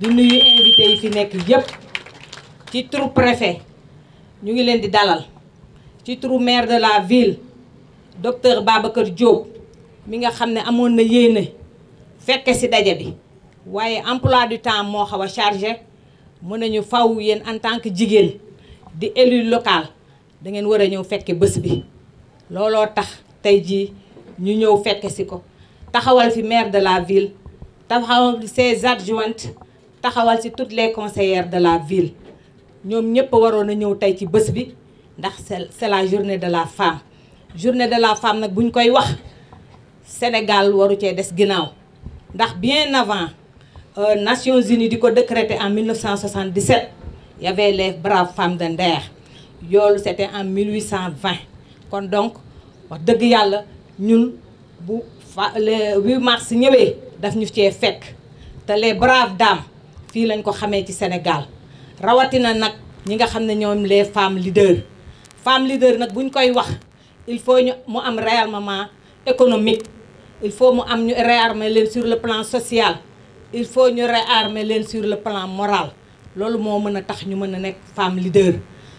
du nuyu invité yi fi nekk yépp ci turu préfet ñu ngi leen di dalal ci turu maire de la ville docteur Babacar Diop mi nga xam ne amoon na yéene fekke ci daje bi waaye emploi du temps moo xaw a chargé mën nañu faw yéen en tant que jigéen di élu local da ngeen war a ñëw fekke bés bi looloo tax tey jii ñu ñëw fekke ci ko taxawal fi maire de la ville taxawal ses adjointes taxawal ci toutes les conseillères de la ville ñoom ñëpp waroon a ñëw tey ci bés bi ndax c'est la journée de la femme journée de la femme nag buñ koy wax Sénégal waru cee des ginnaaw ndax bien avant euh, Nations Unies di ko décréter en 1977 y avait les braves femmes de Nder yoolu c'était en 1820 kon donc wax dëgg yàlla ñun bu fa le 8 mars ñëwee daf ñu cee fekk te les braves dames fii lañ ko xamee ci Sénégal rawatina nag ñi nga xam ne ñoom les femmes leaders femmes leaders nag bu ñu koy wax il faut ñu mu am réarmement économique il faut mu am ñu réarmer leen sur le plan sociale il faut ñu réarmer leen sur le plan moral loolu moo mën a tax ñu mën a nekk femme leader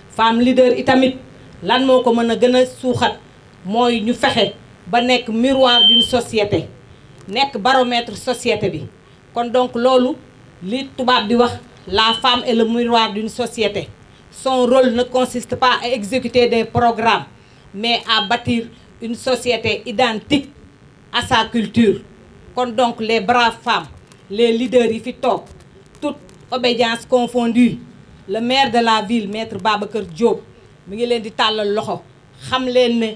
femme leader itamit lan moo ko mën a gën a suuxat mooy ñu fexe ba nekk miroir d'une société nekk baromètre société bi kon donc loolu li tubaab bi wax la femme et le miroir d'une société son rôle ne consiste pas à exécuter des programmes mais à bâtir une société identique à sa culture kon donc les braves femmes les leaders yi fi toog tout obédience confondue le maire de la ville maître kër Diop mu ngi leen di tàllal loxo xam leen ne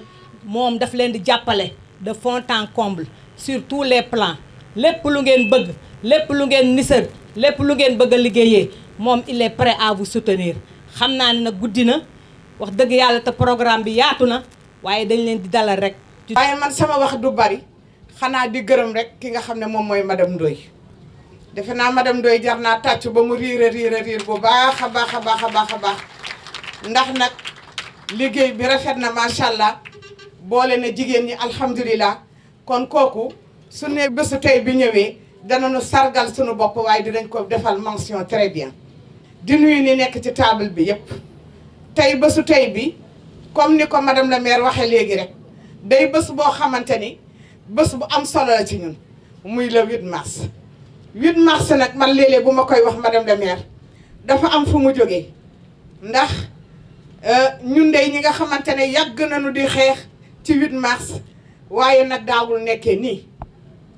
moom daf leen di jàppale de fond en comble sur les plans lépp lu ngeen bëgg lépp lu ngeen nisër lépp lu ngeen bëgg a liggéeyee moom il est prêt à vous soutenir xam naa ne nag guddi na wax dëgg yàlla te programme bi yaatu na waaye dañ leen di dalal rek. waaye man sama wax du bari xanaa di gërëm rek ki nga xam ne moom mooy madame Ndoye defe naa madame Ndoye jar naa tàcc ba mu riir a riir bu baax a baax a baax a baax a baax ndax nag liggéey bi rafet na macha allah boole na jigéen ñi alhamdulilah kon kooku su ne bésu tey bi ñëwee. danañu sargal suñu bopp waaye dinañ ko defal mention très bien di nuyu ni nekk ci table bi yépp tey bésu tey bi comme ni ko madame la maire waxee léegi rek day bés boo xamante ni bés bu am solo la ci ñun muy le 8 mars 8 mars nag man léeg-léeg bu ma koy wax madame de maire dafa am fu mu jógee ndax euh, ñun dey ñi nga xamante ne yàgg nañu di xeex ci 8 mars waaye nag daawul nekkee nii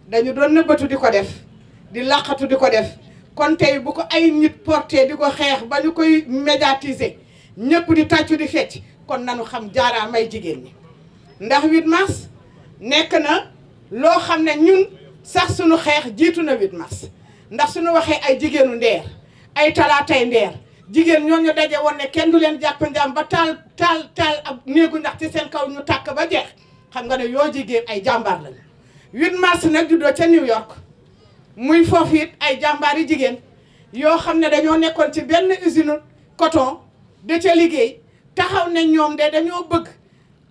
dañu doon nëbbatu di ko def di làqatu di ko def kon tey bu ko ay nit porté di ko xeex ba ñu koy médiatiser ñëpp di tàccu di fecc kon nanu xam jaaraamay jigéen ñi ndax 8 mars nekk na loo xam ne ñun sax suñu xeex jiitu na 8 mars ndax suñu waxee ay jigéenu ndeer ay talaatay ndeer jigéen ñooñu daje woon ne kenn du leen jàpp njaam ba taal taal taal ab néegu ndax ci seen kaw ñu tàkk ba jeex xam nga ne yoo jigéen ay jàmbaar lañu 8 mars nag juddoo ca New York muy foofu it ay jàmbaari jigéen yoo xam ne dañoo nekkoon ci benn usine coton da ca liggéey taxaw ne ñoom de dañoo bëgg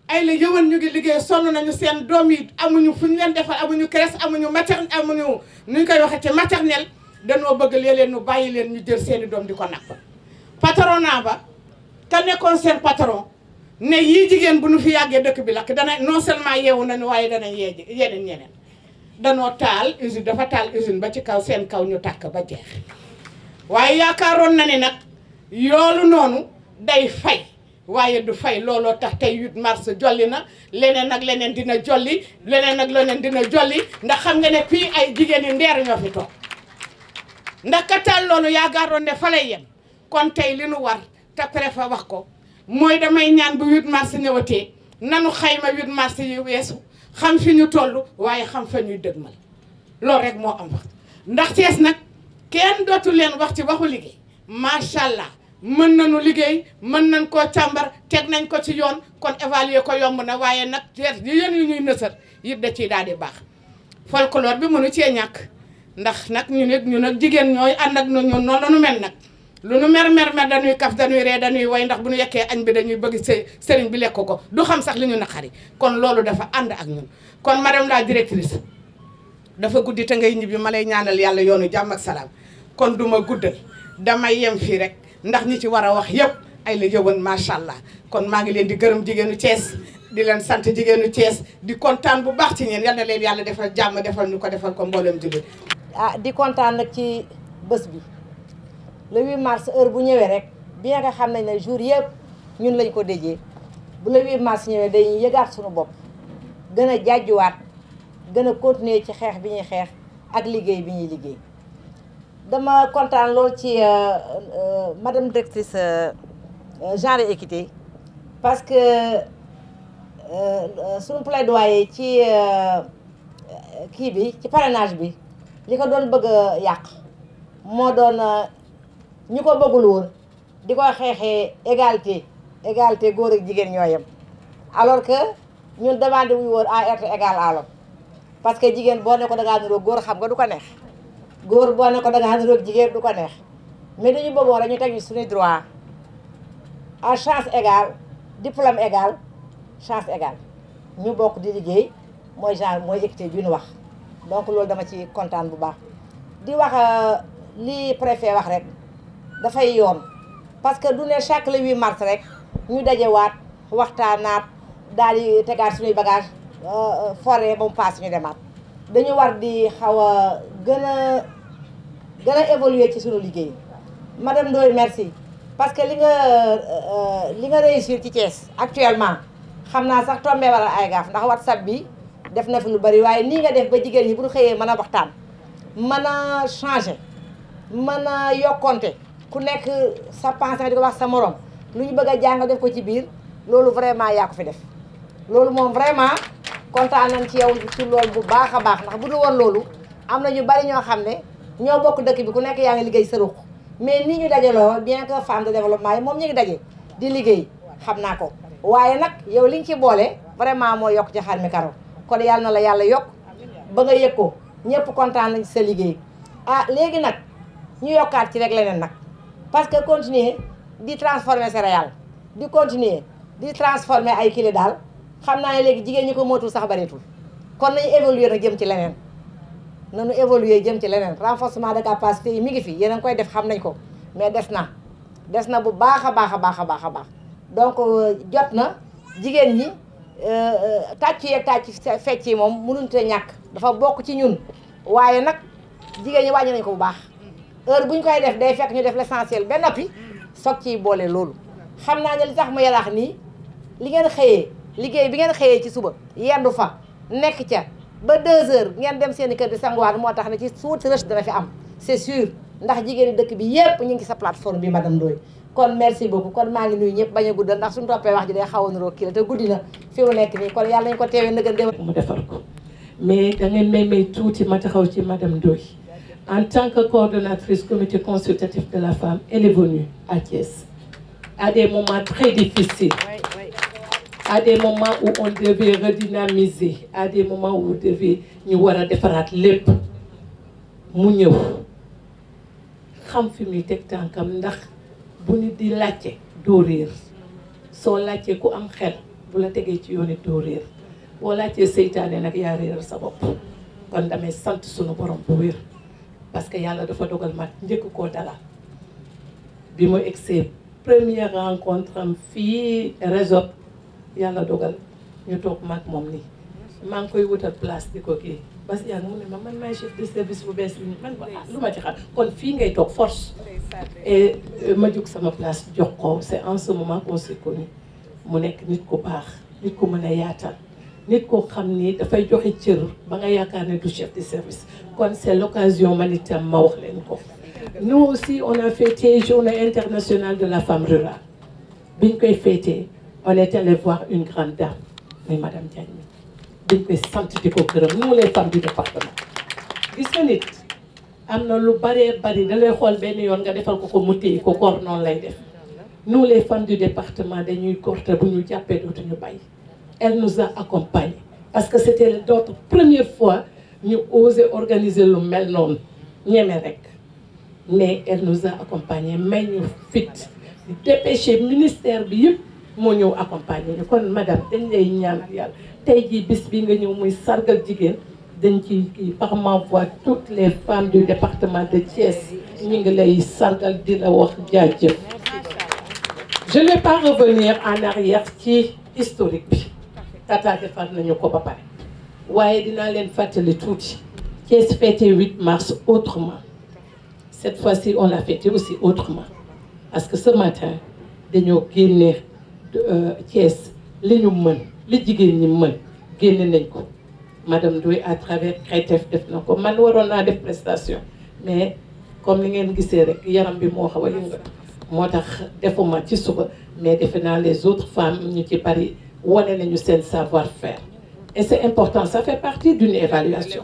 ay la yëwan ñu ngi liggéey sonn nañu seen doom yi amuñu fu ñu leen defal amuñu crèche amuñu mater amuñu nuñ koy waxee ci maternelle dañoo bëgg léeg leen ñu bàyyi leen ñu jël seeni doom di ko napp patronat ba te nekkoon seen patron ne yii jigéen bu nu fi yàggee dëkk bi lakk dana non seulement yeewu nañu waaye danañ yee yeneen ñeneen danoo taal usine dafa taal usine ba ci kaw seen kaw ñu tàkk ba jeex waaye yaakaaroon na ne nag yoolu noonu day fay waaye du fay looloo tax tey 8 mars jolli na leneen ak leneen dina jolli leneen ak leneen dina jolli ndax xam nga ne fii ay jigéen yi ndeer ñoo fi toog ndax ka taal loolu yaakaaroon ne fa lay yem kon tey li nu war te préfet wax ko mooy damay ñaan bu 8 mars ñëwatee nanu xayma 8 mars yi weesu xam fi ñu toll waaye xam fa ñuy dëgmal loolu rek moo am wax ndax Cees nag kenn dootu leen wax ci waxu liggéey macha allah mën nañu liggéey mën nañ koo càmbar teg nañ ko ci yoon kon évaluer ko yomb na waaye nag Cees yéen yu ñuy nësër it da ciy daal di baax folklore bi mënu cee ñàkk ndax nag ñu nekk ñu nag jigéen ñooy ànd ak ñun noonu la ñu mel nag lu nu mer mer mer dañuy kaf dañuy ree dañuy way ndax bu ñu yekkee añ bi dañuy bëgg sëriñ bi lekk ko du xam sax li ñu naqari kon loolu dafa ànd ak ñun kon madame la directrice dafa guddi te ngay ñibbi ma lay ñaanal yàlla yoonu jàmm ak salaam kon duma ma guddal damay yem fii rek ndax ñi ci war a wax yëpp ay la yëwan macha allah kon maa ngi leen di gërëm jigéenu Thiès di leen sant jigéenu cees di kontaan bu baax ci ñeen yal na leen yàlla defal jàmm defal ñu ko defal ko mboolem jigéen. ah di kontaan nag ci bés bi. le 8 mars heure bu ñëwee rek bien que xam nañ ne jour yëpp ñun lañ ko déjee bu le 8 mars ñëwee dañuy yëgaat suñu bopp gën a jàjjuwaat gën a continuer ci xeex bi ñuy xeex ak liggéey bi ñuy liggéey dama kontaanloo lool ci euh, euh, madame directrice euh, genre équité parce que suñu plaidoyer ci kii bi ci parrainage bi li ko doon bëgg a yàq moo doon ñu ko bëggul woon di ko xeexee égalité égalité góor ak jigéen ñoo yem alors que ñun demandé wuñu woon à être égal à parce que jigéen boo ne ko da ngaa góor xam nga du ko neex góor boo ne ko da ngaa jigéen du ko neex mais dañu bëggoon rek ñu teg ñu suñu droit à chance égal diplôme égal chance égale ñu bokk di liggéey mooy genre mooy équité bi ñu wax donc loolu dama ci kontaan bu baax di wax euh, li préfet wax rek dafay yoom parce que du ne chaque le 8 mars rek ñu dajewaat waxtaanaat daal di tegaat suñuy bagage euh, euh, forêt ba mu paas ñu demaat dañu war di xaw a gën a gën a évoluer ci suñu liggéey madame Ndoye merci parce que li nga euh, li nga réussir ci Thiès actuellement xam naa sax tombé wala ay gaaf ndax WhatsApp bi def na fi lu bari waaye nii nga def ba jigéen ñi bu ñu xëyee mën a waxtaan mën a changer mën a yokkonte ku nekk sa pensée di ko wax sa morom lu ñu bëgg a jàng def ko ci biir loolu vraiment yaa ko fi def loolu moom vraiment kontaan nañ ci yow ci loolu bu baax a baax ndax bu dul woon loolu am na ñu bari ñoo xam ne ñoo bokk dëkk bi ku nekk yaa ngi liggéey sa ruq mais ni ñu dajaloo bien que femme de développement yi moom ñu ngi daje di liggéey xam naa ko waaye nag yow li ñu ci boole vraiment moo yokk ci xar mi karo kon yàlla na la yàlla yokk ba nga yëg ko ñëpp kontaan nañ sa liggéey ah léegi nag ñu yokkaat ci rek leneen nag parce que continuer di transformer céréales di continuer di transformer ay kili daal xam naa ne léegi jigéen ñi ko mootul sax bareetul kon nañu évoluer na jëm ci leneen nañu évoluer jëm ci leneen renforcement de capacité yi mu ngi fi yéen koy def xam nañ ko mais des na des na bu baax a baax a baax a baax a baax donc euh, jot na jigéen ñi euh, euh, tàcc yeeg tàcc fecc yi moom mënuñu te ñàkk dafa bokk ci ñun waaye nag jigéen ñi wàññi nañ ko bu baax heure bu ñu koy def day fekk ñu def l'essentiel ba noppi soog ciy boole loolu. xam naa ne li tax mu yaraax nii li ngeen xëyee liggéey bi ngeen xëyee ci suba yenn fa nekk ca ba deux heures ngeen dem seen kër di sanguwaat moo tax ne ci suuti rëcc dana fi am c'est sûr ndax jigéeni dëkk bi yépp ñu ngi sa plateforme bi madame Ndoye kon merci beaucoup kon maa ngi nuyu ñëpp bañ a guddal ndax suñu toppee wax ji day xaw a niroo kii la te guddi na fi mu nekk nii kon ko teewee nëgën dem mu defar ko mais da ngeen may may tuuti ma taxaw ci madame Ndoye en tant que coordonnatrice comité consultatif de la femme, elle est venue à Thiès. À des moments très difficiles. À des moments où on devait redynamiser. À des moments où on devait ñu war a defaraat lépp mu ñëw xam fi muy teg tànkam ndax bu nit di laajte doo soo laajtee ku am xel bu la tegee ci yoon it boo laajtee seytaane nag yaa réeral sa bopp kon damay sant sunu borom bu wér parce que yàlla dafa dogal ma njëkk koo dalal bi mu egsee première rencontre am fii réseau yàlla dogal ñu toog maag moom nii maa ngi koy wutal place di ko kii bas yaa mu ne ma man maay chef service bu bees yi man ko ah, ma ci xam kon fii ngay toog force et euh, ma jóg sama place jox ko c'est en ce moment qu'on mu nekk nit ku baax nit ku mën a yaatal nit koo xam ni dafay joxe cër ba nga yaakaar ne du chef de service kon c'est l'occasion man itam ma wax leen ko nous aussi on a fêté journée internationale de la femme rurale biñ koy fêté on est allé voir une grande dame muy madame Diagne biñ koy sant di ko gërëm nous les femmes du département gis nga nit am na lu baree bari da lay xool benn yoon nga defal ko ko mu téye ko koor noonu lay def nous les femmes du département dañuy korte bu ñu jàppee dootuñu bàyyi elle nous a accompagnés parce que c'était notre première fois ñu oser organiser lu mel noonu ñeme rek mais elle nous a accompagnés may ñu fit di dépêché ministère bi yëpp moo ñëw accompagner ñu kon madame dañ lay ñaanal yàlla tey jii bis bi nga ñëw muy sargal jigéen dañ ci kii par ma voix toutes les femmes du département de Thiès ñu ngi lay sargal di la wax jaajëf je ne vais pas revenir en arrière ci historique bi attaqué fat nañu ko ba pare waaye dinaa leen fàttali tuuti Thiès fête 8 mars autrement cette fois-ci on l'a fêté aussi autrement parce que ce matin dañoo génne euh, Thiès li ñu mën li jigéen ñi mën génne nañ ko madame Ndoye à travers CRETEF def na ko man waroon naa def prestation mais comme ni ngeen gisee rek yaram bi moo xaw a moo tax defuma ci suba mais defe naa les autres femmes ñu ci bari wane nañu seen savoir faire et c'est important ça fait partie d'une évaluation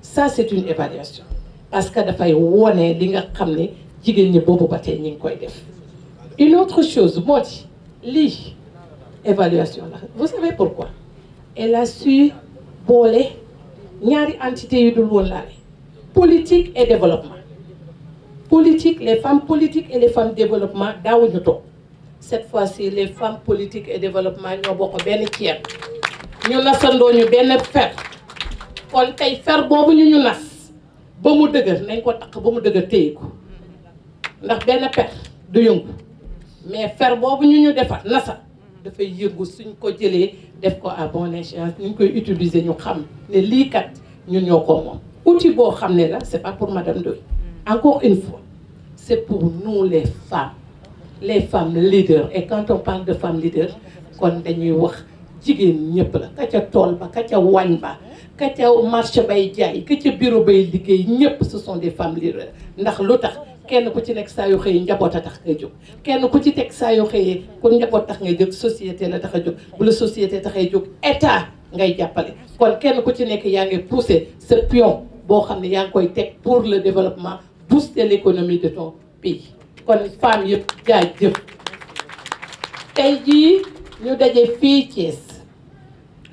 ça c'est une évaluation parce que dafay wone li nga xam ne jigéen ñi boobu ba tey ñi ngi koy def une autre chose moo di lii évaluation la vous savez pourquoi elle a su boole ñaari entité yu dul woon laale politique et développement politique les femmes politique et les femmes développement daawuñu toog cette fois si les femmes politiques et développement ñoo ko benn ceeb ñu nasandoo ñu benn fer kon tey fer boobu ñu ñu nas ba mu dëgër nañ ko takk ba mu dëgër téye ko ndax benn per du yëngu mais fer boobu ñu ñu defar nasa dafay yëngu suñ ko jëlee def ko à bon échéance ñu koy utiliser ñu xam ne lii kat ñun ñoo ko moom outil boo xam ne la c'est pas pour madame Ndoye encore une fois c'est pour nous les femmes les femmes leaders et quand on parle de kon dañuy wax jigéen ñëpp la ka ca tool ba ka ca wañ ba ka ca marché bay jaay ka ca bureau bay liggéey ñëpp ce des femmes leaders ndax lu tax kenn ku ci nekk saa yoo xëyee njaboot a tax ngay jóg kenn ku ci teg saa yoo xëyee ku njaboot tax ngay jóg société la tax a jóg bu la société taxay jóg état ngay jàppale kon kenn ku ci nekk yaa ngi pousser ce pion boo xam ne yaa ngi koy teg pour le développement booster l'économie de ton pays kon femme yëpp jaa jëf tey jii ñu daje fii Thiès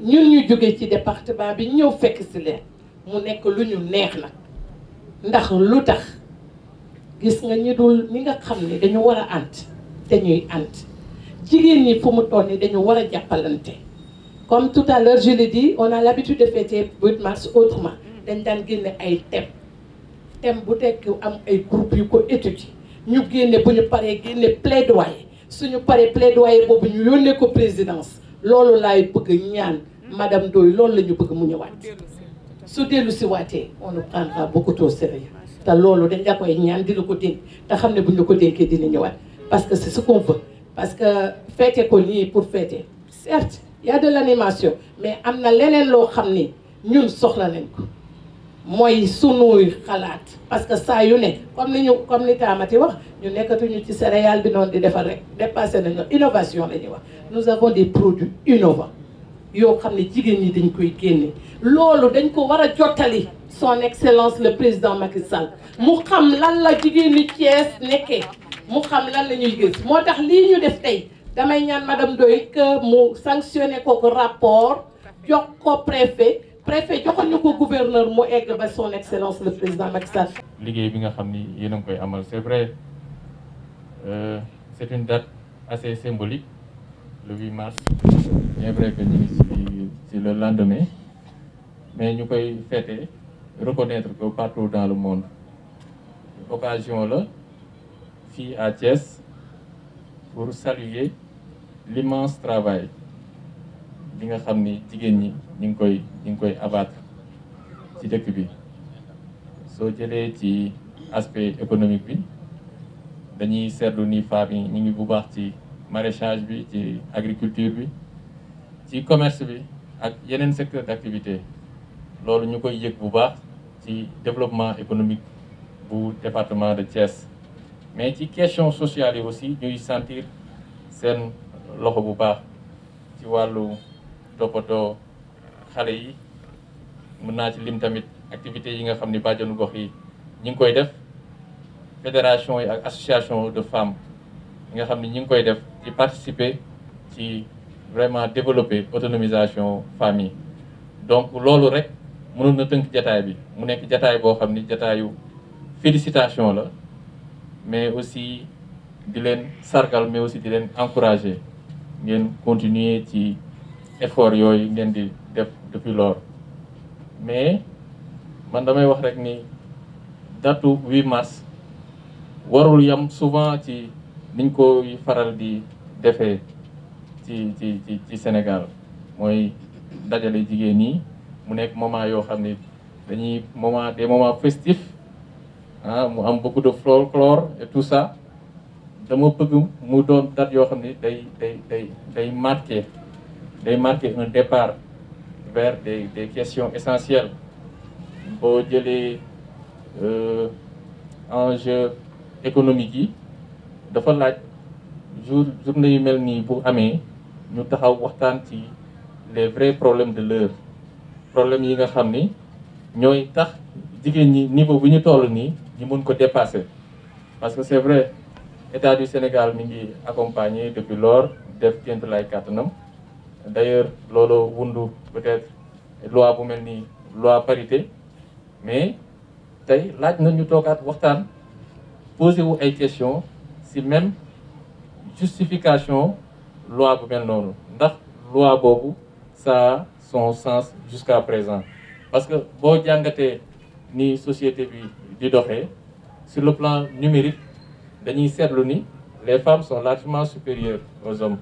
ñu ñu jóge ci département bi ñëw fekk si leen mu nekk lu ñu neex nag ndax lu tax gis nga ñi dul ni nga xam ne dañu war a ànd te ñuy ànd jigéen ñi fu mu toll nii dañu war a jàppalante comme tout à di je l'ai dit on a l'habitude de fêter mars autrement dañ daan génne ay thèmes thème bu tekk am ay groupe yu ko étudier ñu génne bu ñu paree génne plaidoyer suñu paree plaidoyer boobu ñu yónnee ko présidence loolu laay bëgg ñaan madame Ndoye loolu la ñu bëgg mu ñëwaat su dellu si waatee on le prendra beaucoup au sérieux te loolu dañ la koy ñaan di ko dénk te xam ne bu ñu la ko dénkee dina ñëwaat parce que c'est su qu'on veut parce que feete ko nii pour feete certes y a de l'animation mais am na leneen loo xam ni ñun soxla nañ ko mooy sunuy xalaat parce que saa yu ne comme ni ñu comme ni taamati wax ñu nekkatuñu ci céréale bi noonu di defar rek dépassé nañu innovation la ñuy wax nous avons des produits innovants yoo xam ne jigéen ñi dañ koy génne loolu dañ ko war a jottali son excellence le président Macky Sall mu xam lan la jigéen ni Thiès nekkee mu xam lan la gis moo tax lii ñu def tey damay ñaan madame Doy que mu sanctionné kooku rapport jox ko préfet préfet joxoon ñu ko gouverneur mu egg ba son excellence le président Macky liggéey bi nga xam ni yéen a ngi koy amal c'est vrai euh, c'est une date assez symbolique le 8 mars. bien vrai que ñu le lendemain mais ñu koy fêter reconnaître que partout dans le monde occasion la fii à Thiès pour saluer l'immense travail. bi nga xam ni jigéen ñi ñu ngi koy ñu ngi koy abattre ci dëkk bi soo jëlee ci aspect économique bi dañuy seetlu ni femmes yi ñu ngi bu baax ci maraîchage bi ci agriculture bi ci commerce bi ak yeneen secteur d'activité loolu ñu koy yëg bu baax ci développement économique bu département de Thiès mais ci question sociale yi aussi ñuy sentir seen loxo bu baax ci wàllu toppatoo xale yi mën naa ci lim tamit activités yi nga xam ni bàjjanu gox yi ñi ngi koy def fédération yi ak association de femmes yi nga xam ni ñi ngi koy def ci participer ci vraiment développer autonomisation femmes yi donc loolu rek mënoon na tënk jataay bi mu nekk jataay boo xam ni jataayu félicitation la mais aussi di leen sargal mais aussi di leen encourager ngeen continuer ci effort yooyu ngeen di def depuis lors mais man damay wax rek ni datu 8 mars warul yam souvent ci niñ koy faral di defee ci ci ci ci Sénégal mooy dajale jigéen ñi mu nekk moment yoo xam ne dañuy moment des moments festifs ah mu am beaucoup de folklore et tout sax dama bëgg mu doon date yoo xam ne day day day day day marqué un départ vers des des questions essentielles boo jëlee euh, enjeu économique yi dafa laaj jour journée yu mel nii bu amee ñu taxaw waxtaan ci les vrais problèmes de l'heure problèmes yi nga xam ni ñooy tax jigéen ñi niveau bi ñu toll nii ñu mun ko dépasser parce que c'est vrai état du Sénégal mi ngi accompagné depuis lors def kéntu lay kàttanam d' ailleurs loolu wundu peut-être loi bu mel ni loi parité mais tey laaj na ñu toogaat waxtaan posé wu ay question si même justification loi bu mel noonu ndax loi boobu ça son sens jusqu'à présent parce que boo jàngatee ni société bi di doxee sur le plan numérique dañuy seetlu ni les femmes sont largement supérieures aux hommes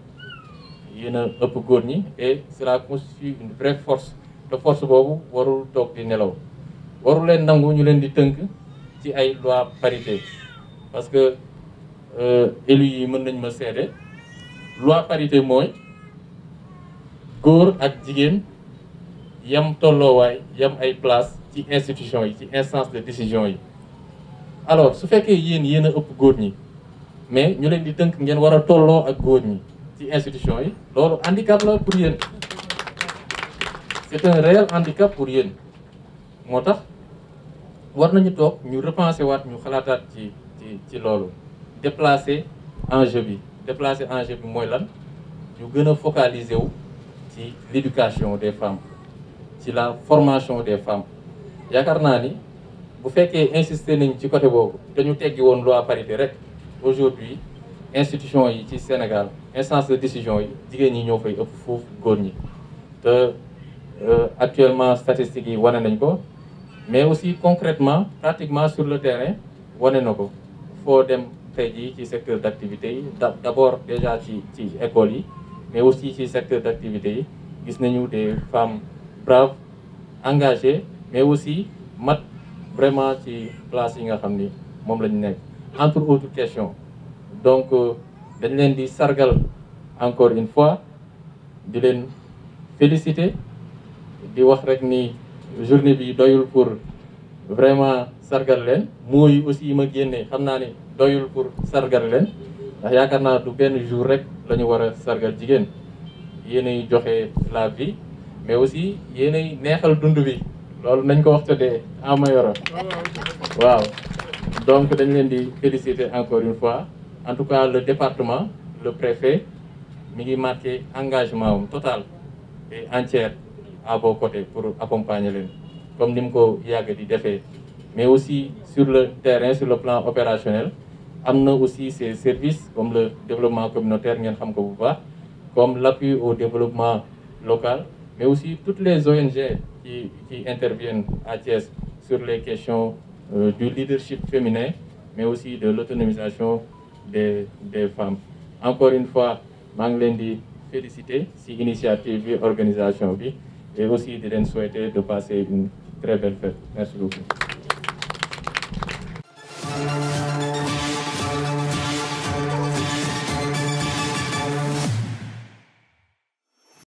yéen a ëpp góor ñi et cela constitue une vraie force te force boobu warul toog di nelaw warul leen nangu ñu leen di tënk ci ay loi parité parce que euh, élus yi mën nañ ma seede loi parité mooy góor ak jigéen yam tolloowaay yam ay place ci institution yi ci instance de décision yi alors su fekkee yéen yéen a ëpp góor ñi mais ñu leen di tënk ngeen war a tolloo ak góor ñi ci institution yi loolu handicap la pour yéen c'est un réel handicap pour yéen moo tax war nañu toog ñu repenser waat ñu xalaataat ci ci ci loolu déplacé enjeu bi déplacer enjeu bi mooy lan ñu gën a focaliser wu ci l'éducation des femmes ci la formation des femmes yaakaar naa ni bu fekkee insister nañ ci côté boobu te ñu teggi woon loi parité rek aujourd'hui institution yi ci Sénégal instance de décision yi jigéen ñi ñoo fay ëpp foofu góor ñi te euh, actuellement statistiques yi wane nañ ko mais aussi concrètement pratiquement sur le terrain wane na ko foo dem tey jii ci secteur d' activité yi d' abord déjà ci ci école yi mais aussi ci secteur d' activité yi gis nañu des femmes braves engagées mais aussi mat vraiment ci place yi nga xam ni moom la ñu nekk entre autres questions donc euh, dañ leen di sargal encore une fois di leen féliciter di wax rek ni journée bi doyul pour vraiment sargal leen mooy aussi ma génne xam naa ne doyul pour sargal leen ndax yaakaar naa du benn jour rek la ñu war a sargal jigéen yéenay joxe la bi mais aussi yéenay neexal dund bi loolu nañ ko wax tëddee en Mayoro waaw donc dañ leen di féliciter encore une fois en tout cas le département le préfet mi ngi marqué engagement am total et entier à vos côtés pour accompagner leen comme ni mu ko yàgg di defee mais aussi sur le terrain sur le plan opérationnel am na aussi ces services comme le développement communautaire ngeen xam ko bu baax comme l'appui au développement local mais aussi toutes les ONG qui qui interviennent à Thiès sur les questions euh, du leadership féminin mais aussi de l'autonomisation des des femmes encore une fois maa ngi leen di féliciter si initiative bi organisation bi et aussi di leen souhaiter de passer une très belle fête merci beaucoup